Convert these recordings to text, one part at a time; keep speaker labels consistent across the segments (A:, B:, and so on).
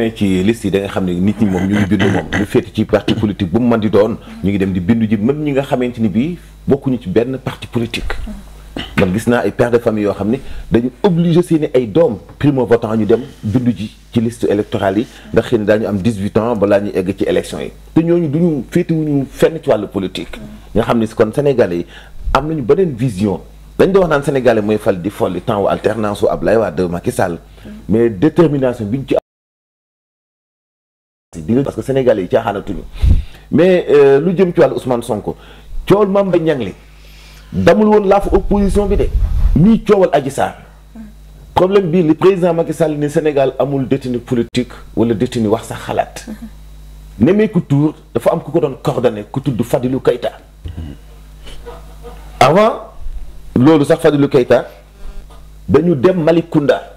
A: mais ci liste yi da nga xam ne nit ñi moom ñu ngi bindu moom lu féete ci parti politique bu mu mën di doon ñu ngi dem di bindu ji même ñi nga xamante ni bokkuñu ci benn parti politique man gis naa ay pères de famille yoo xam ne dañu obligé seeni ay doom primo votant ñu dem bindu ji ci list électorale yi ndax xëy na daañu am 18 ans balaa ñu egg ci élection yi te ñooñu duñu féetewuñu fenn ci wàllu politique nga xam ne si kon sénégalais yi am nañu beneen vision dañ doon wax naan sénégalais mooy fal di folli temps wu alternance wu Ablaye Wade Macky Sall mais détermination bi di parce que Sénégalais yi caaxaanatuñu mais euh, lu jëm ci wàllu Ousmane Sonko coowal Mame Mbaye Niang li damul woon laafu opposition bi de nii coowal Adji Sarr problème bii li président Macky Sall ni Sénégal amul détenu politique wala détenu wax sax xalaat Nemekou tuur dafa am ku ko doon coordonné ku tudd Fadilou kayta avant loolu sax Fadilou Keita dañu dem Malicounda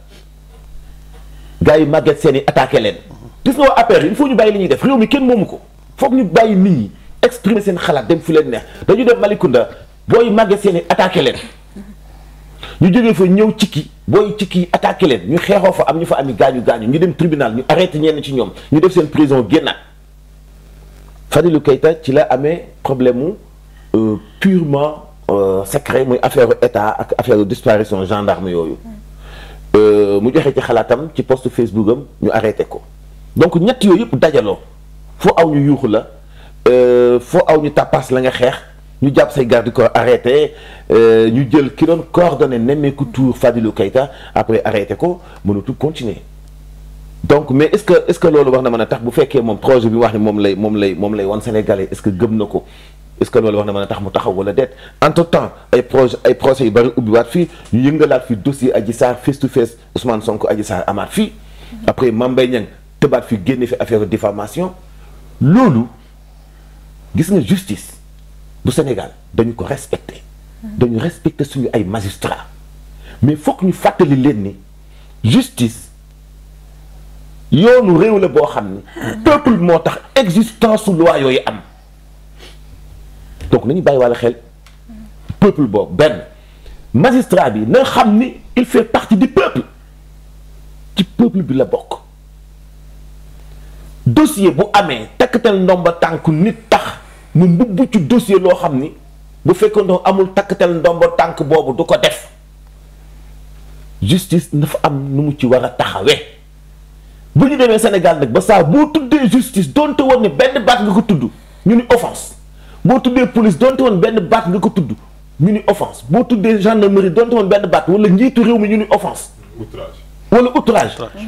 A: gars yi màgget seeni i attaqué leen gis nga waa APR il faut ñu bàyyi li ñuy def réew mi kenn moomu ko foog ñu bàyyi mi ñi exprimer seen xalaat dem fu leen neex dañu dem Malicounda booy màgge seen i leen ñu jógee fa ñëw cikki booy cikki yi attaqué leen ñu xeexoo fa am ñu fa ami gaañu gaañu ñu dem tribunal ñu arrêté ñenn ci ñoom ñu def seen prison génnaat Fadilou kayta ci la amee problème mu euh, purement euh, secret muy affaire état ak affaire disparition gendarme yooyu mm. euh, mu joxe ci xalaatam ci post Facebook am ñu arrêté ko. donc ñett yooyu yëpp dajaloo foo aw ñu yuuxu la euh, foo aw ñu tàppaas la nga xeex ñu jàpp say garde corps arrêté euh, ñu jël ki doon coordonné nemmeeku tour Fadilou Keita après arrêté ko mënatul continuer donc mais est-ce que est-ce que loolu wax na mën a tax bu fekkee moom projet bi wax ne moom lay moom lay moom lay wan sénégalais est-ce que gëm na ko est-ce que loolu wax na mën a tax mu taxaw wala déet entre-temps ay projet ay procès yu bari ubbiwaat fii ñu yëngalaat fii dossier Adji Sarr face to face Ousmane Sonko Adji Sarr amaat fii tëbaat fi génne fi affaire diffamation loolu gis nga justice bu Sénégal dañu ko respecté dañu respecté suñu ay magistrat mais foog ñu fàttali leen ni justice yoonu réew la boo xam ne peuple moo tax existence su loi yooyu am donc nañu bàyyi xel peuple boobu benn magistrat bi na xam ni il fait partie du peuple ci peuple bi la bokk dossier bu amee takkatal ndomba tànk nit tax mu mbubb ci dossier loo xam ni bu fekkoon amul takkatal ndomba tànk boobu du ko def justice dafa am nu mu ci war a taxawee bu ñu demee Sénégal nag ba saa boo tuddee justice doonte woon ni benn baat nga ko tudd ñu ni offense boo tuddee police doonte woon benn baat nga ko tudd ñu ni offense boo tuddee gendarmerie doonte woon benn baat wala njiitu réew mi ñu ni offense. outrage wala outrage.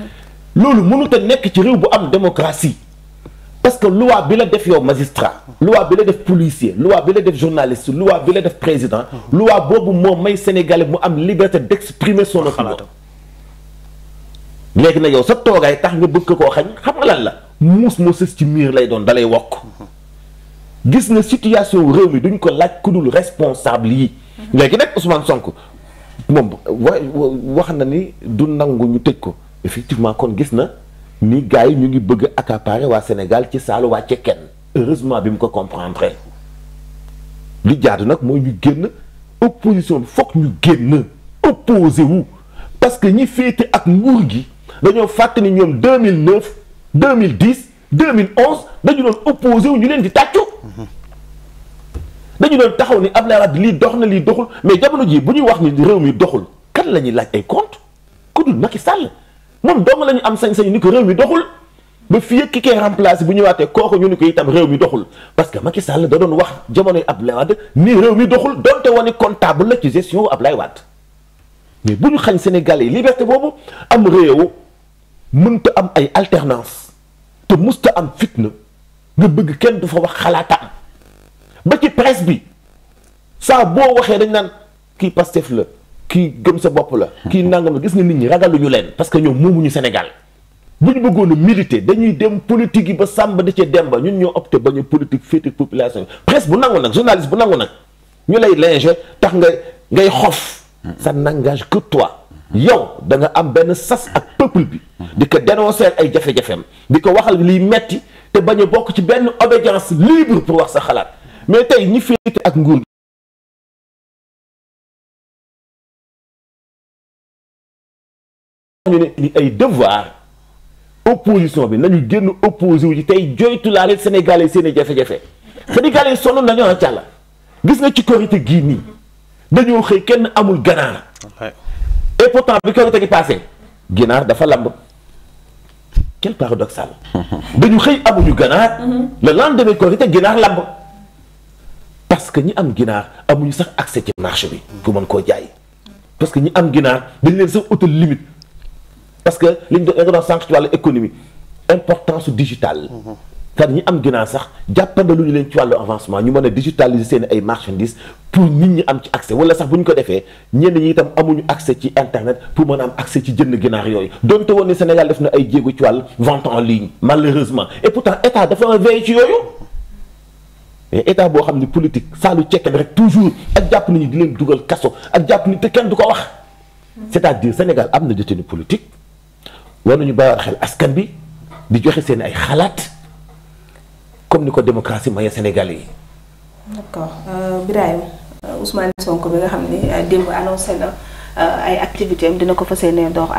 A: loolu mënut a nekk ci réew bu am démocratie parce que loi bi la def yow magistrat loi bi la def policier loi bi la def journaliste loi bi la def président mhm. loi boobu moo may sénégale mu am liberté d'exprimer son opinion léegi nag yow sa toogaay tax nga bëgg koo xañ xam nga lan la mus moo sës ci miir lay doon dalay wokk mhm. gis na situation réew mi duñ ko laaj ku dul responsable yi mhm. léegi nag Ousmane Sonko moom wax na ni du nangu ñu tëj ko effectivement kon gis na ni gars yi ñu ngi bëgg accaparer waa Sénégal ci saalu wàcce kenn heureusement bi mu ko comprendre li jaadu nag mooy ñu génn opposition bi foog ñu génn opposé wu parce que ñi féete ak nguur gi dañoo fàtt ni ñoom 2009 2010 2011 dañu doon opposé wu ñu leen di tàccu dañu doon taxaw ni Abdoulaye Wade lii dox na lii doxul mais jamono jii bu ñuy wax ni réew mi doxul kan la ñuy laaj ay compte ku dul Macky Sall moom dong la ñu am sañ-sañ ni ko réew mi doxul ba fii ak ki koy remplacé bu ñëwaatee kooku ñu ni ko tam réew mi doxul parce que Macky Sall da doon wax jamonoy Abdoulaye Wade nii réew mi doxul donte wane comptable la ci gestion Abdoulaye Wade mais bu ñu xañ Sénégalais yi liberté boobu am réew mënta am ay alternance te musta am fitna nga bëgg kenn du fa wax xalaatam ba ci presse bi saa boo waxee dañ naan kii Pastef la. kii gëm sa bopp la kii nangam la gis nga nit ñi ragaluñu leen parce que ñoom moomuñu Sénégal bu ñu bëggoon a militer dañuy dem politique yi ba sàmba da cee dem ba ñun ñoo opté ba ñu politique féete population presse bu nangu nag journaliste bu nangu nag ñu lay linger tax nga ngay xof sa nangage que toi yow da nga am benn sas ak peuple bi di ko dénoncer ay jafe-jafeem di ko waxal liy metti te bañ a bokk ci benn obédience libre pour wax sa xalaat mais tey ñi féete ak nguur ñu ne li ay devoir opposition bi nañu génn opposé wu ci tey joytu laale sénégalais seen i jafe-jafe sénégalais sonn nañu ah càlla gis nga ci korite gii nii dañoo xëy kenn amul ganaar et bi korite gi passé ginaar dafa lamb quel paradoxal dañu xëy amuñu ganaar mhm. le lendemain korite ginaar lamb parce que ñi am ginaar amuñu sax accès ci marché bi pour mën koo jaay parce que ñi am ginaar dañ leen sax auto limite parce que li ñu doon nga doon sànq ci wàllu économie importance digitale. car ñi am ginnaaw sax jàppandaluñu leen ci wàllu avancement ñu mën a digitaliser seen ay marchandises pour nit ñi am ci accès wala sax bu ñu ko defee ñenn ñi itam amuñu accès ci internet pour mën a am accès ci jënd ginaar yooyu donte woon ne Sénégal def na ay jéego ci wàllu vente en ligne malheureusement et pourtant état dafa am veille ci yooyu mais état boo xam ne politique saalu lu cekkee rek toujours ak jàpp nañu di leen dugal kaso ak jàpp ni te kenn du ko wax cest à Sénégal am na détenu politique. war nañu bàyyi xel askan bi di joxe seen ay xalaat comme ni ko démocratie maye Sénégalais yi. d'accord euh, Birahim euh, Ousmane Sonko bi nga xam ni euh, démb annoncé na ay activités dina ko fa yéenee dox